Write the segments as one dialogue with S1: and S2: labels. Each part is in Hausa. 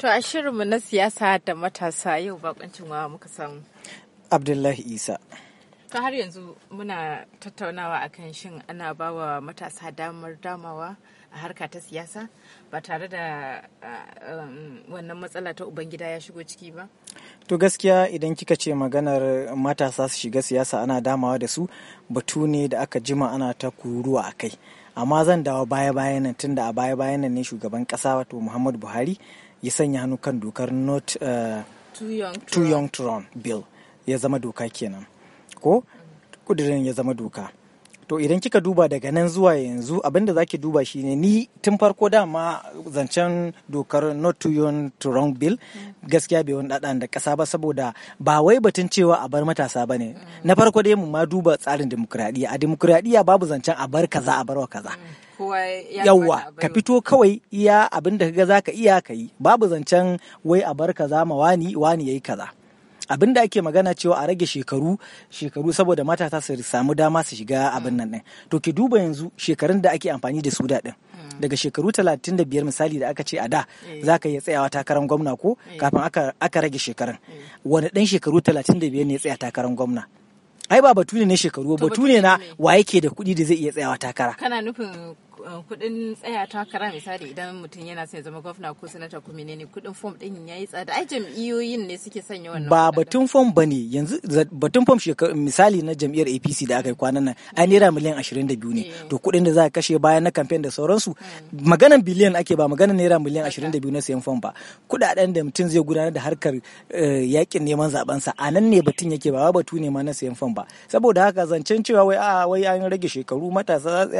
S1: To a shirinmu na siyasa da matasa yau bakuncin wa muka samu.
S2: Abdullahi Isa.
S1: To har yanzu muna tattaunawa a kan shin ana bawa wa matasa damar damawa a harka ta siyasa ba tare da um, wannan matsala ta Ubangida ya shigo ciki ba?
S2: To gaskiya idan kika ce maganar matasa su shiga siyasa ana damawa da su batu ne da aka jima ana ta kuruwa a kai. amma zan dawo baya bayan nan tunda a baya bayan nan ne shugaban kasa wato muhammadu buhari ya sanya hannu kan dokar not eh, too young to run bill ya zama doka kenan ko kudirin ya zama doka to idan kika duba daga nan zuwa yanzu abinda zaki duba shine ni tun farko dama zancen dokar not to yon to wrong bill gaskiya bai wani da kasa ba saboda ba wai batun cewa a bar matasa bane na farko dai mu ma duba tsarin demokuraɗiyya a demokuraɗiyya babu zancen a bar kaza a wa kaza
S1: yawwa mm, ka
S2: fito kawai iya abinda kaga zaka iya ka yi babu zancen wai a bar kaza ma wani wani yayi kaza abin da ake magana cewa a rage shekaru shekaru saboda matasa su samu dama su shiga abin nan ɗin to ki duba yanzu shekarun da ake amfani da su da ɗin mm. daga shekaru 35 misali da aka ce a da eh. za ka iya tsayawa takarar gwamna ko eh. kafin aka rage shekarun eh. wani dan shekaru 35 ne tsaya takarar gwamna ai ba batu ne na shekaru batu ne na wa yake da kuɗi da zai iya tsayawa takara
S1: kana nufin Eh, kudin tsaya takara misali idan mutum yana son ya zama gwamna ko sanata ko menene kudin fom din yayi tsada ai jam'iyyoyin ne suke sanya wannan ba
S2: batun fom bane yanzu batun fom misali na jam'iyyar APC da aka yi kwanan nan ai naira miliyan 22 ne to kudin da za ka kashe bayan na kamfen da sauransu hmm. maganan biliyan ake ba maganan naira miliyan 22 na sayan fom ba kudaden da mutum zai gudanar da harkar eh, yakin neman zaben sa a nan ne batun yake ba batu ne ma na sayan fom ba saboda haka zancen cewa wai a wai an rage shekaru matasa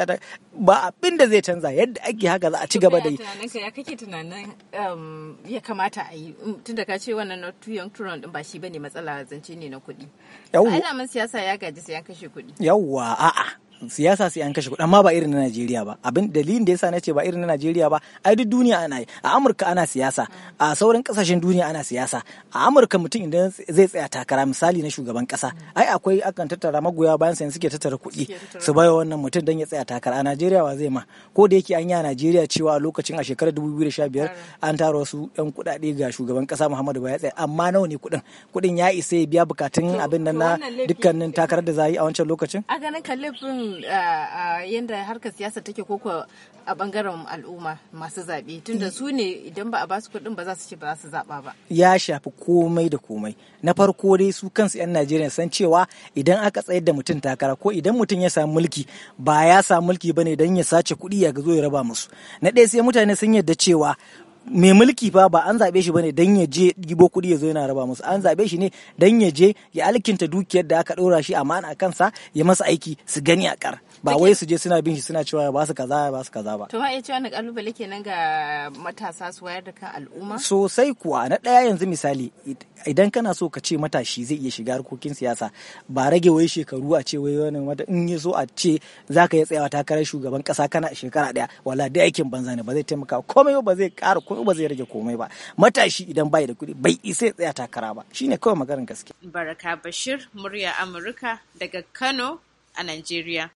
S2: ba a abin da zai canza yadda ake haka za a ci gaba da yi
S1: ya kake tunanin um, ya kamata a yi mm, da ka ce wannan na too young to ba shi bane matsala zance ne na kuɗi yawwa alaman siyasa ya gaji sai an kashe kuɗi
S2: yawwa a'a siyasa sai an kashe kuɗi amma ba irin na Najeriya ba abin dalilin da yasa na ce ba irin na Najeriya ba ai duk duniya ana yi a Amurka ana siyasa a sauran kasashen duniya ana siyasa a Amurka mutum idan zai tsaya takara misali na shugaban kasa ai akwai akan tattara magoya bayan sai suke tattara kuɗi su bayar wannan mutum dan ya tsaya takara a Najeriya wa zai ma ko da yake an yi a Najeriya cewa a lokacin a shekarar 2015 an tara wasu yan kuɗaɗe ga shugaban kasa Muhammadu Buhari tsaya amma nawa ne kuɗin kuɗin ya isa ya biya bukatun abin nan na dukkanin takarar da za a yi a wancan lokacin
S1: a ganin Uh, uh, yadda harkar siyasa take koko a bangaren al'umma masu zaɓe tunda mm. su ne idan ba a basu kuɗin ba za su ce ba za su zaɓa ba.
S2: Ya shafi komai da komai. Na farko dai su kansu 'yan Najeriya san cewa idan aka tsayar da mutum takara ko idan mutum ya samu mulki ba ya samu mulki ba ne don ya sace kuɗi ya zo ya raba musu. Na ɗaya sai mutane sun yarda cewa mai mulki fa ba an zaɓe shi bane dan ya je gibo kuɗi ya zo yana raba musu an zaɓe shi ne dan ya je ya alkinta dukiyar da aka ɗora shi amana a kansa ya masa aiki su gani a ƙar. ba wai su je suna bin shi suna cewa ba su kaza ba su kaza ba to
S1: ha cewa na kalubale kenan ga matasa su wayar da kan al'umma
S2: sosai kuwa na ɗaya yanzu misali idan kana so ka ce matashi zai iya shiga harkokin siyasa ba rage wai shekaru a ce wai wani wata in ya so a ce za ka iya tsayawa takarar shugaban kasa kana shekara ɗaya wala da aikin banza ne ba zai taimaka komai ba zai ƙara komai ba zai rage komai ba matashi idan bai da kuɗi bai isa ya tsaya takara ba shine kawai maganar gaske
S1: baraka bashir murya amurka daga kano a Najeriya.